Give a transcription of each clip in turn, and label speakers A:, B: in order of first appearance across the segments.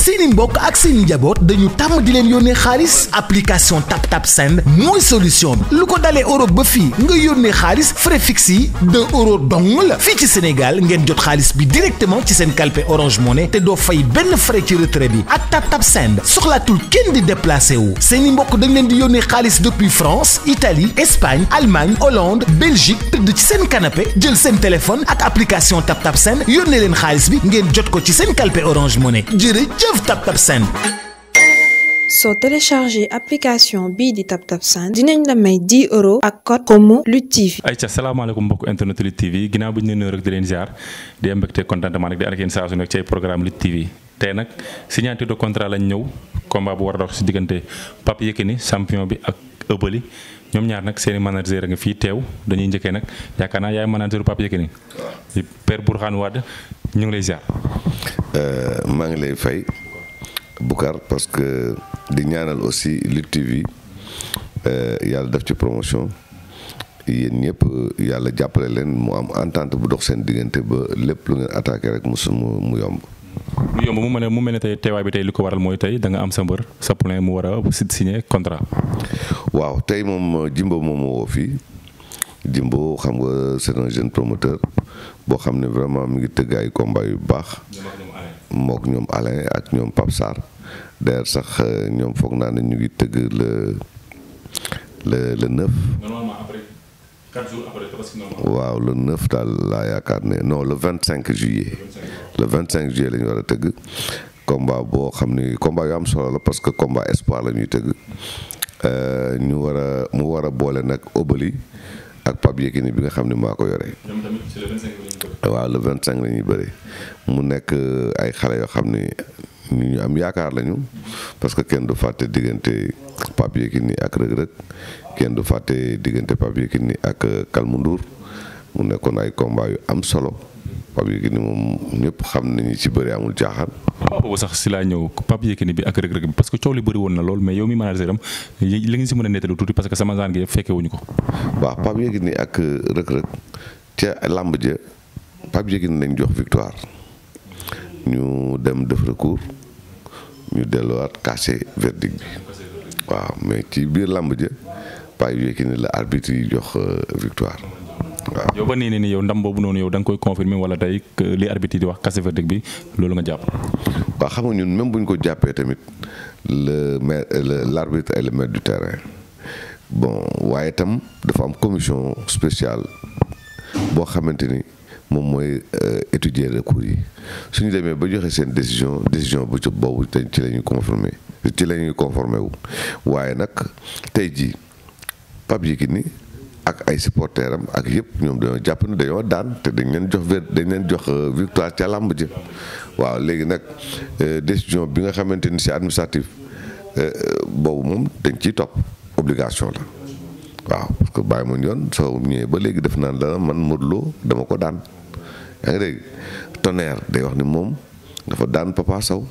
A: seeni mbokk ak seeni njaboot dañu tàmm di leen yónnee xaalis application tap Send mooy solution bi lu ko dalee Europe ba fii nga yónnee xaalis frais fixe yi deux donc dong la fii ci Sénégal ngeen jot xaalis bi directement ci seen kalpe Orange Money te doo fay benn frais ci retrait bi ak TapTap Send soxlatul kenn di déplacé wu seeni mbokk dañ leen di yónnee xaalis depuis France Italie Espagne Allemagne Hollande Belgique tëdd ci seen kanape jël seen téléphone ak application TapTap Send yónnee xaalis bi ngeen jot ko ci seen kalpe Orange Money jërëjëf jërëjëf TapTap Send soo téléchargé application bii di TapTap Send dinañ la may 10 euros ak code comme Lutte TV.
B: ayca salaamaaleykum mbokk internet Lutte TV ginnaaw bi ñu leen rek di leen ziar di mbégte contentement rek di ànd ak yéen saa su nekk ci ay programme Lutte TV tey nag signature de contrat lañ ñëw combat bu war a dox si diggante pap Yékini champion bi ak Obeuly ñoom ñaar nag seen i manager nga fii teew dañuy njëkkee nag yaakaar naa yaay manager Pape Yékini Père Bourkhane Wade ñu ngi lay ziar.
C: Euh, maa ngi lay fay Boucar parce que di ñaanal aussi Lutte TV euh, yàlla def ci promotion yéen ñëpp euh, yàlla jàppale leen mu am entente bu dox seen diggante ba lépp lu ngeen attaqué rek mu mu yomb.
B: lu yomb mu mel ne mu mel ne tey teewaay bi tey li ko waral mooy tey danga am sa mbër sa poulain mu war a
C: signé contrat. waaw tey moom Jimbo moom moo woo fii Jimbo xam nga c'est un jeune promoteur. boo xam ne vraiment mi ngi tëgg ay combat yu baax. mook ñoom Alain ak ñoom Pape Sarr sax euh, ñoom foog naa ne ñu ngi tëgg le le le neuf. normalement après vingt cinq juillet. le vingt cinq juillet la war a tëgg. combat boo xam ni combat yu am solo la parce que combat espoir la ñuy tëgg euh, ñu war a mu war a boole nag obali ak Pape Yekini bi nga xam ne maa ko yore. ñoom
B: tamit ci la
C: waaw le 25 la bëri mu nekk euh, ay xale yoo xam ne ñu ñu am yaakaar lañu parce que kenn du fàtte diggante Pape Yekini ak Reug Reug kenn du fàtte diggante Pape Yekini ak euh, Kalmu Ndour mu nekkoon ay combat yu am solo. Pape Yékini moom ñëpp xam nañu ci bari amul caaxaan.
B: waaw boobu sax si laa ñëw Pape Yékini bi ak Reug Reug bi parce que coow li bëri woon na lool mais yow mi manager am li nga si mën a nettalu tuuti parce que sama zaan gi yëpp fekke wuñu ko.
C: waaw Pape Yékini ak Reug Reug ca làmb ja Pape Yékini lañ jox victoire dem def recours delluwaat casser verdict waaw mais ci biir làmb ja Pape Yékini la arbitre yi jox euh, victoire.
B: waaw yow ba nii nii yow ndam boobu noonu yow da nga koy confirmer wala tey li arbitre di wax kase verdict bi
C: loolu nga jàpp. waa xam nga ñun même bu ñu ko jàppee tamit le maire l' arbitre et du terrain bon waaye tam dafa am commission spéciale boo xamante ni moom mooy euh, étudier recours yi suñu demee ba joxe seen décision décision bu ci boobu ci la ñuy confirmer ci lañuy ñuy wu waaye nag tey jii Pape Yékini ak ay supporters am ak yëpp ñoom dañoo jàpp ne dañoo daan te dañ leen jox dañ leen jox euh, victoire ca làmb ji waaw léegi nag euh, décision bi nga xamante ni c'est administratif euh, boobu moom dañ ci topp obligation la waaw parce que bàyyi moon yoon soo ñëwee ba léegi def naan la man Modou dama ko daan yaa ngi day wax ni moom dafa daan Papa Sow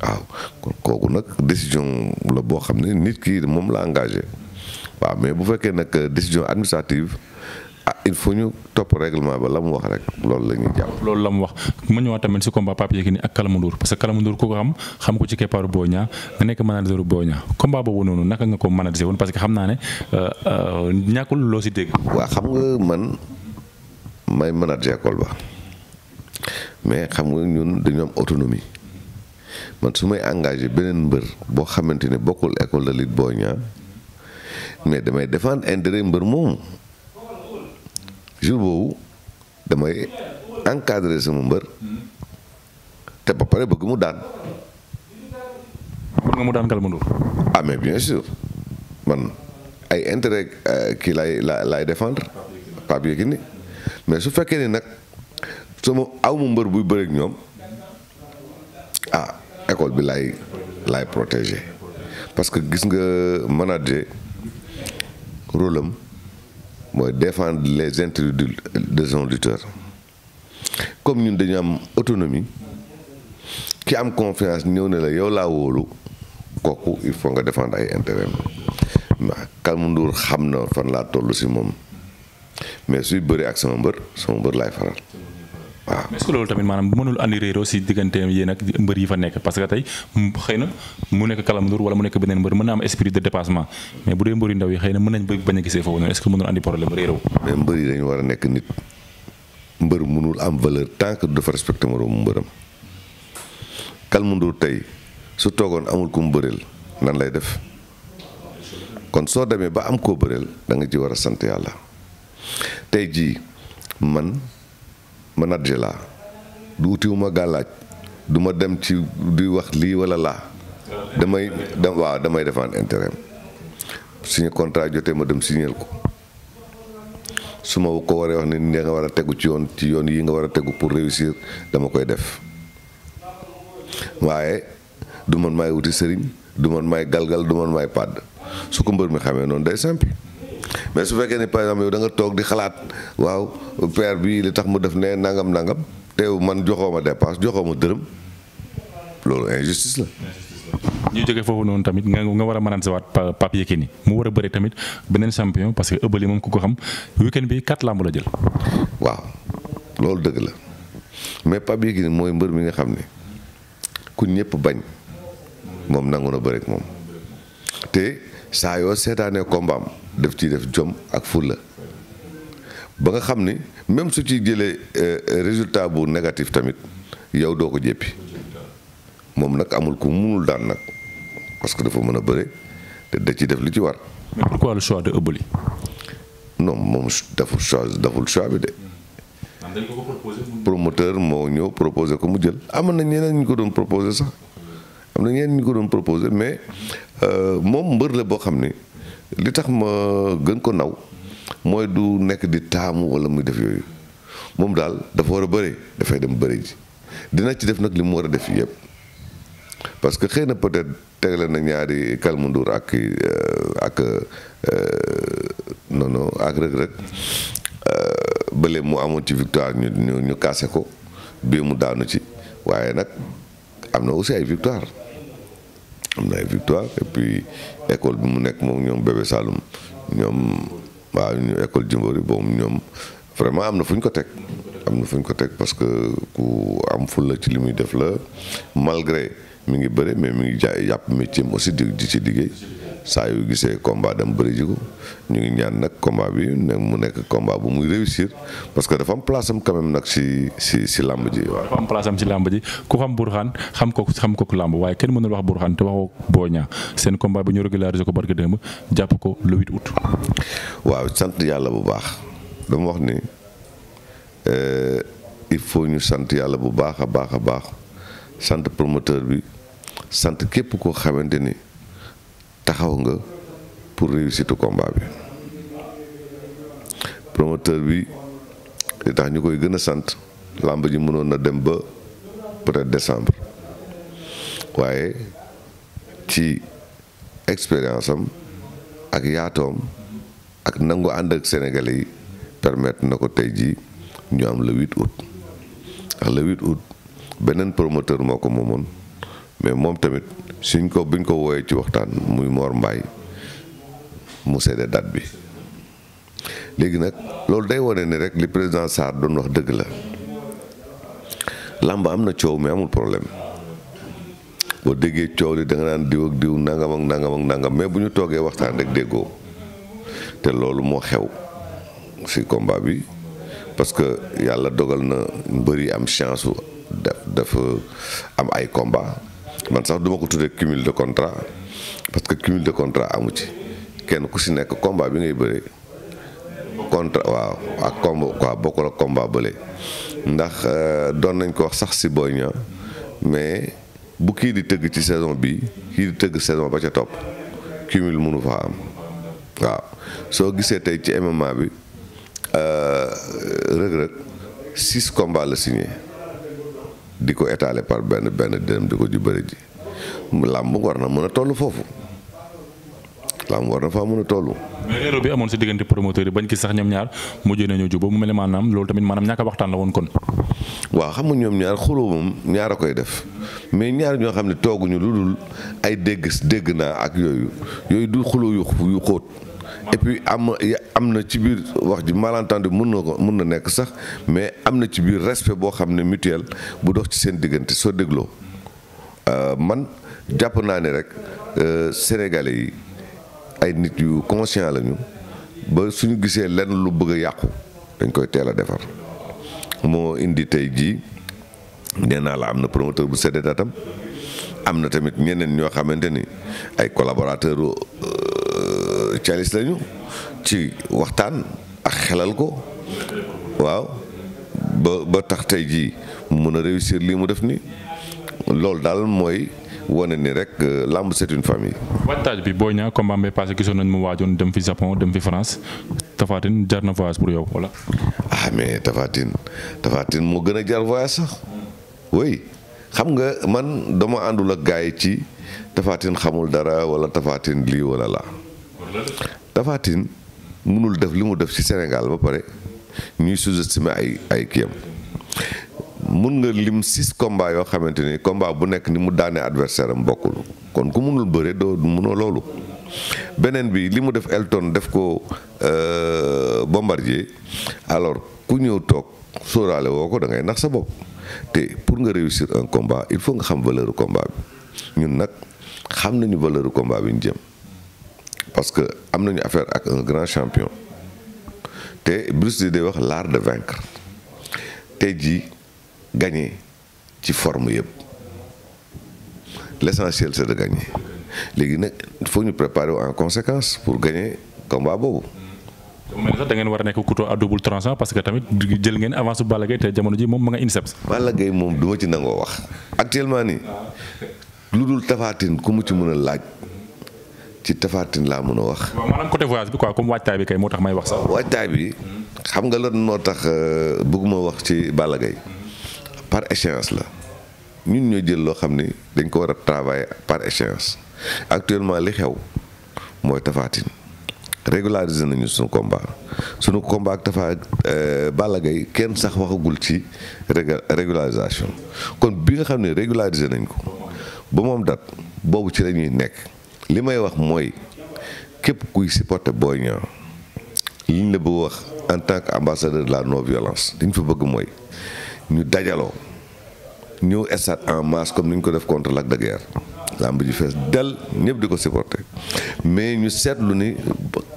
C: waaw kon kooku nag décision la boo xam ne nit kii moom la engagé waaw mais bu fekkee nag euh, décision administrative ah il faut ñu topp règlement ba la mu wax rek loolu la jàpp.
B: loolu la mu wax ma ñëwaat tamit si combat Pape Yékini ak Kalama Ndour parce que Kalama Ndour ku ko xam xam ko ci keppaaru Boy Niang nga nekk manageru Boy Niang combat boobu noonu naka nga ko manager woon parce que xam naa ne euh, euh, ñàkkul loo si dégg.
C: waaw xam nga man may manager école ba mais xam nga ñun dañu am autonomie man su may engagé beneen mbër boo xamante ne bokkul école de lutte Boy Niang mais damay défendre intérêt mbër moomu jour boobu damay encadrer sama mbër te ba pare bëgg mu daan. bëgg mu daan Kalma Ndour. ah mais bien sûr man ay intérêt euh, kii laay la laay défendre Pape Yékini mais su fekkee ni nag sama aw ma mbër buy bëreeg ñoom ah école bi lay laay parce que gis nga manager. rôle am mooy défendre les intérêts de son lutteur comme ñun dañu am autonomie ki am confiance ñëw ne la yow laa wóolu kooku il faut nga défendre ay intérêts ma Kalmu Ndour xam na fan laa toll si moom mais suy bëri ak sama mbër sama mbër laay faral.
B: waaw mais est-ce que loolu tamit maanaam mënul andi réeroo si digganteem yéen ak mbër yi fa nekk parce que tey xëy na mu nekk Kalam Ndour wala mu nekk beneen mbër mën na am esprit de dépassement mais bu dee mbër yi a gisee foofu noonu est-ce mënul
C: dañu war a nekk nit mbër mënul am valeur tant que dafa respecté moroomu mbëram Kalam Ndour tey su toogoon amul ku mu bëreel nan lay def kon soo demee ba am koo bëreel da nga ci war a sant yàlla tey jii man. manager laa du utiwuma gàllaaj du ma dem ci di wax lii wala laa damay dem waaw damay défendre intérêt signé contrat jotee ma dem signéel ko su ma ko waree wax ne ni nga war a tegu ci yoon ci yoon yi nga war a tegu pour réussir dama koy def waaye du man maay wuti sëriñ du man may galgal du man maay pàdd su ko mbër mi xamee noonu day simple mais su fekkee ni par exemple yow da toog di xalaat waaw père bi li tax mu def ne nangam nangam teew man joxoo ma dépense joxoo ma dërëm loolu injustice la.
B: ñu jógee foofu noonu
C: tamit nga nga
B: war a mën pa sewaat Pape Yékini mu war a bëri tamit beneen champion parce que Obeuli moom ku ko xam weekend bi quatre lamb la jël.
C: waaw loolu dëgg la mais Pape Yékini mooy mbër mi nga xam ne ku ñëpp bañ moom nangu na bëri moom te. saa yoo seetaanee kombaam def ciy def jom ak fulla ba nga xam ni même su ci jëlee euh, résultat bu négatif tamit yow doo ko jéppi moom nag amul ku munul daan nag parce que dafa mën a bëre te da ci def lu ci war. mais pourquoi le choix de Obeuly. non moom daful choix daful choix bi de. promoteur moo ñëw proposé ko mu jël amoon na ñeneen ñu ko doon proposé sax. am na ñeen ñu ko doon proposé mais euh, moom mbër la boo xam ni li tax ma gën ko naw mooy du nekk di taamu wala muy def yooyu moom daal dafa war a bëri dafay dem bëri ji dina ci def nag li mu war a def yëpp parce que xëy na peut-être tegale na ñaari kalmundur ak euh, ak euh, non non ak rëg rëg bële mu amoon ci victoire ñu ñu ñu kaase ko bii mu daanu ci waaye nag am na aussi ay victoire am na ay victoire et puis école bi mu nekk moom ñoom bébé Saloum ñoom waaw ñu école Jimbori ñoom vraiment am na fu ñu ko teg am na fu ñu ko teg parce que ku am la ci li muy def la malgré mu ngi bëre mais mu ngi jaay yàpp métier aussi di di ci liggéey saa yu gisee combat dem bëri jigu ñu ngi ñaan nag combat bi ne mu nekk combat bu muy réussir parce que dafam am place am quand nag si si si làmb ji waaw. dafa
B: am si làmb ji ku xam Bourkhane xam ko xam ko làmb waaye kenn mënul wax Bourkhane te waxoo Boy Niang seen combat bi
C: ñu régulariser ko barki démb jàpp ko le 8 août. waaw sant yàlla bu baax dama wax ni euh, il faut ñu sant yàlla bu baax a baax a baax sant promoteur bi sant képp koo xamante ni. taxaw nga pour réussir tout bi promoteur bi li tax ñu koy gën a sant làmb ji mënoon a dem ba peut-être décembre waaye ci expérience am ak yaatoom ak nangu ànd ak Sénégalais yi permettre na ko tey ji ñu am le 8 août ndax le 8 août beneen promoteur moo ko moomoon mais moom tamit suñ ko buñ ko wooyee ci waxtaan muy Mor Mbaye mu seede date bi léegi nag loolu day wane ni rek li président Sarr doon wax dëgg la làmb am na coow mais amul problème boo déggee coow li da nga naan diw ak diw nangam ak nangam ak nangam mais bu ñu toogee waxtaan rek déggoo te loolu moo xew si komba bi parce que yàlla dogal na mbër yi am chance dafa am ay combat man sax duma ko tuddee cumul de contrat parce que cumul de contrat amu ci kenn ku si nekk combat bi ngay bëree contrat waaw ak combat quoi bokkul ak combat bële ndax euh, doon nañ ko wax sax si Boy mais bu kii di tëgg ci saison bi kii di tëgg saison ba ca topp cumul mënu faa am waaw soo gisee tey ci MMA bi euh, Reug Reug six combats la signé di ko étaler par benn benn dërëm di ko di bëri làmb war na mën a toll foofu làmb war na faa mën a toll.
B: mais erreur bi amoon si diggante promoteur yi bañ ki sax ñoom ñaar mujj nañu jubóo mu mel ne maanaam loolu tamit maanaam ñàkk a waxtaan la woon kon.
C: waaw xam nga ñoom ñaar xuloo moom ñaara koy def mais ñaar ñoo xam ne tooguñu lu dul ay dégg dégg naa ak yooyu yooyu du xuloo yu yu xóot. et puis am am na ci biir wax ji malentendu mën na ko mën na nekk sax mais am na ci biir respect boo xam ne mutuel bu dox ci seen diggante soo dégloo euh, man jàpp naa ne rek euh, sénégalais yi ay nit yu conscient lañu ba suñu gisee lenn lu bëgg a yàqu dañ koy teel a defar moo indi tey jii nee naa la am na promoteur bu séddee datam am na tamit ñeneen ñoo xamante ni ay collaborateur euh, caalis lañu ci waxtaan ak xelal ko waaw ba ba tax tey jii mu mën a réussir lii mu def nii loolu daal mooy wane ni rek euh, làmb set une famille.
B: waajtaaj bi booy ñaa combat bi passé gisoon nañ mu waajoon dem fi Japon dem fi France Tapha jar na voyage pour yow
C: wala. ah mais Tapha Tine moo gën a jar voyage sax oui xam nga man dama àndul ak gars yi ci Tapha xamul dara wala Tapha Tine lii wala laa. Tapha Tine mënul def li mu def ci Sénégal ba pare ñuy sous-estimer ay ay kiyam mun nga lim six combats yoo xamante ni combat bu nekk ni mu daanee adversaire am bokkul kon ku munul bëre doo munoo loolu beneen bi li mu def Elton def ko euh, bombardier alors ku ñëw toog sóoraale woo ko da ngay nax sa bopp te pour nga réussir un combat il faut nga xam valeur combat bi ñun nag xam nañu valeur combat bi ñu jëm parce que am nañu affaire ak un grand champion te Bruce day wax l'art de vaincre tey jii gagné ci form yëpp l'essentiel c'est de gagner léegi nag il faut ñu préparer en conséquence pour gagner combat boobu.
B: mais sax da a nekk couteau à parce que tamit jël ngeen avance bu Balla Gaye te moom ma nga INSEPS. la Gaye moom du ci nangoo wax
C: actuellement nii lu dul tafaatin ku mu ci mën a laaj. ci tafaatin laa mën a wax. waaw maanaam côté voyage bi quoi comme waajtaay bi kay moo tax may wax sax. waajtaay bi xam nga lan moo tax euh, bëgguma wax ci Balla par échéance la ñun ñoo jël loo xam ni dañ ko war a travailler par échéance actuellement li xew mooy tafaatin régulariser nañu suñu combat suñu combat ak tafa euh, Balla Gaye kenn sax waxagul ci régularisation kon bi nga xam ne régulariser nañ ko ba moom dat boobu ci lañuy nekk. li may wax mooy képp kuy supporter Boy Niang li ñu la bëgg wax en tant que ambassadeur de la non violence li fi bëgg mooy ñu dajaloo ñëw estat en masse comme ni ñu ko def contre Lac de làmb ji fees del ñëpp di ko supporter mais ñu seetlu ni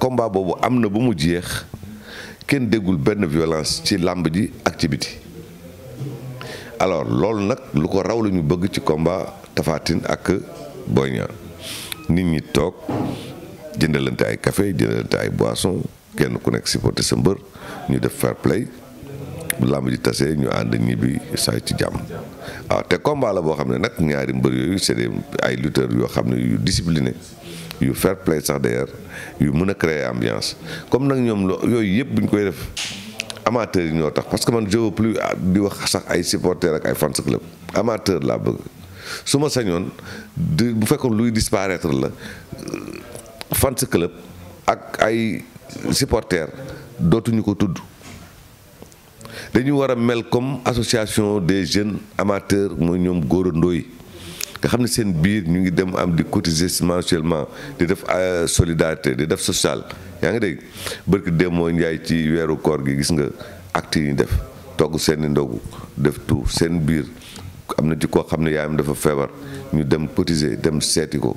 C: combat boobu am na bu mu jeex kenn déggul benn violence ci làmb ji ak ci biti alors loolu nag lu ko raw la ñu bëgg ci komba Tapha ak Boy Niang nit ñi toog jëndalante ay café jëndalante ay boisson kenn ku nekk supporter sa mbër ñu def fair play bu làmb ji tasee ñu ànd ñibbi saa ci jàmm waaw ah, te combat la boo xam ne nag ñaari mbër yooyu c'est des ay lutteurs yoo xam ne yu discipliné yu fair play sax d'ailleurs yu mën a créer ambiance comme nag ñoom loo yooyu yëpp bu ñu koy def amateurs yi ñoo tax parce que man je veux plus ah, di wax sax ay supporters ak ay fans club amateur laa bëgg. su ma sañoon di bu fekkoon luy disparaître la fans club ak ay supporters dootuñu ko tudd dañu war a mel comme association des jeunes amateurs mooy ñoom góorandoo yi nga xam ne seen biir ñu ngi dem am di cotiser mensuellement di def euh, solidarité di def social yaa ngi dégg barki dem mooy njaay ci weeru koor gi gis nga acte yi def togg seeni ndogu def tout seen biir am na ci koo xam ne yaayam dafa feebar ñu dem cotiser dem seeti ko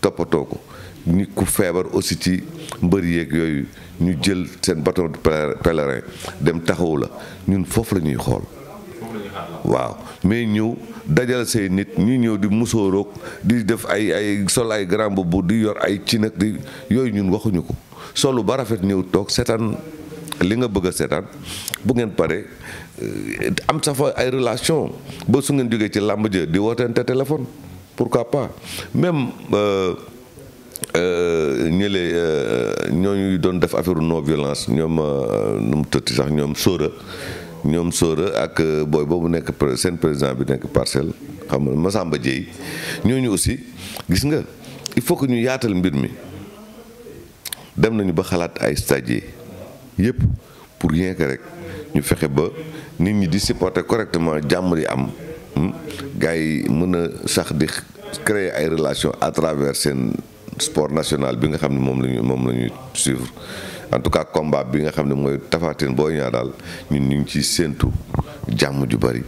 C: toppatoo ko nit ku feebar aussi ci mbër yeeg yooyu ñu jël seen bâton de dem taxawu la ñun foofu la ñuy xool waaw mais ñëw dajal say nit ñi ñëw di musóorook di def ay ay sol ay grand boubou di yor ay cin ak yooyu ñun waxuñu ko solu ba rafet ñëw toog seetaan li nga bëgg a seetaan bu ngeen pare euh, am sax fa ay relation ba su ngeen jógee ci làmb ja di wootante téléphone pourquoi pas même euh, euh, ñële ñooñu doon def affaire non violence ñoom nu mu tëtti sax ñoom sóora ñoom sóora ak booy boobu nekk seen président bi nekk parcelle xam nga Massamba Dieye ñooñu aussi gis nga il faut que ñu yaatal mbir mi dem nañu ba xalaat ay stade yëpp pour rien que rek ñu fexe ba nit ñi di supporter correctement jàmm di am hmm? gars yi mën a sax di créer ay relation à travers seen sport national bi nga xam ne moom lañu moom la ñu suivre en tout cas combat bi nga xam ne mooy Tapha booy ñaa Niang daal ñun ñu ngi ciy séentu jàmm ju bari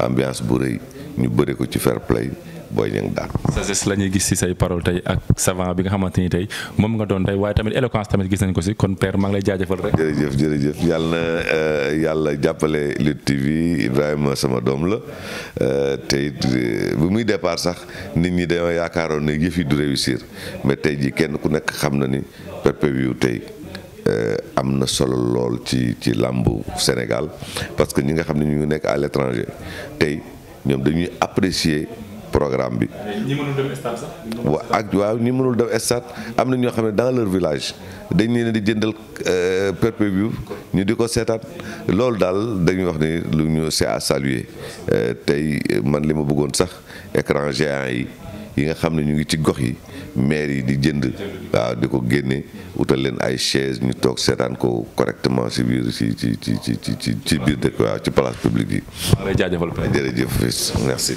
C: ambiance bu rëy ñu bëre ko ci fair play Boy Niang daan.
B: sagesse la ñuy gis ci say parole tey ak savant bi nga xamante ni tey moom nga doon tey waaye tamit éloquence tamit gis nañ ko si kon père maa ngi lay jaajëfal
C: rek. jërëjëf jërëjëf euh, yàlla jàppale Lutte TV Ibrahima sama doom la euh, te euh, bu muy départ sax nit ñi dañoo yaakaaroon ne yëf yi du réussir mais tey jii kenn ku nekk xam na ni PPV tey. am na solo lool ci ci làmbu Sénégal parce que ñi nga xam ne ñu nekk à l'étranger tey ñoom dañuy apprécier programme bi.
B: ñi
C: waaw ñi mënul dem stade am na ñoo xam ne dans leur village dañ leen di jëndal euh, perpé bi ñu di ko seetaan loolu daal dañuy wax ni lu ñu c'est à saluer euh, tey man li ma bëggoon sax écran géant yi. yi nga xam ne ñu ngi ci gox yi maire yi di jënd waaw di ko génne wutal leen ay chaise ñu toog seetaan ko correctement si biir ci ci ci ci ci biir dëkk waaw ci place publique yi. jërëjëf merci.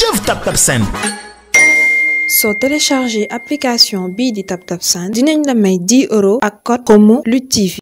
A: jëf Tap Tap Send soo téléchargé application bii di Tap Tap Send dinañ la may 10 euros ak code promo Lutte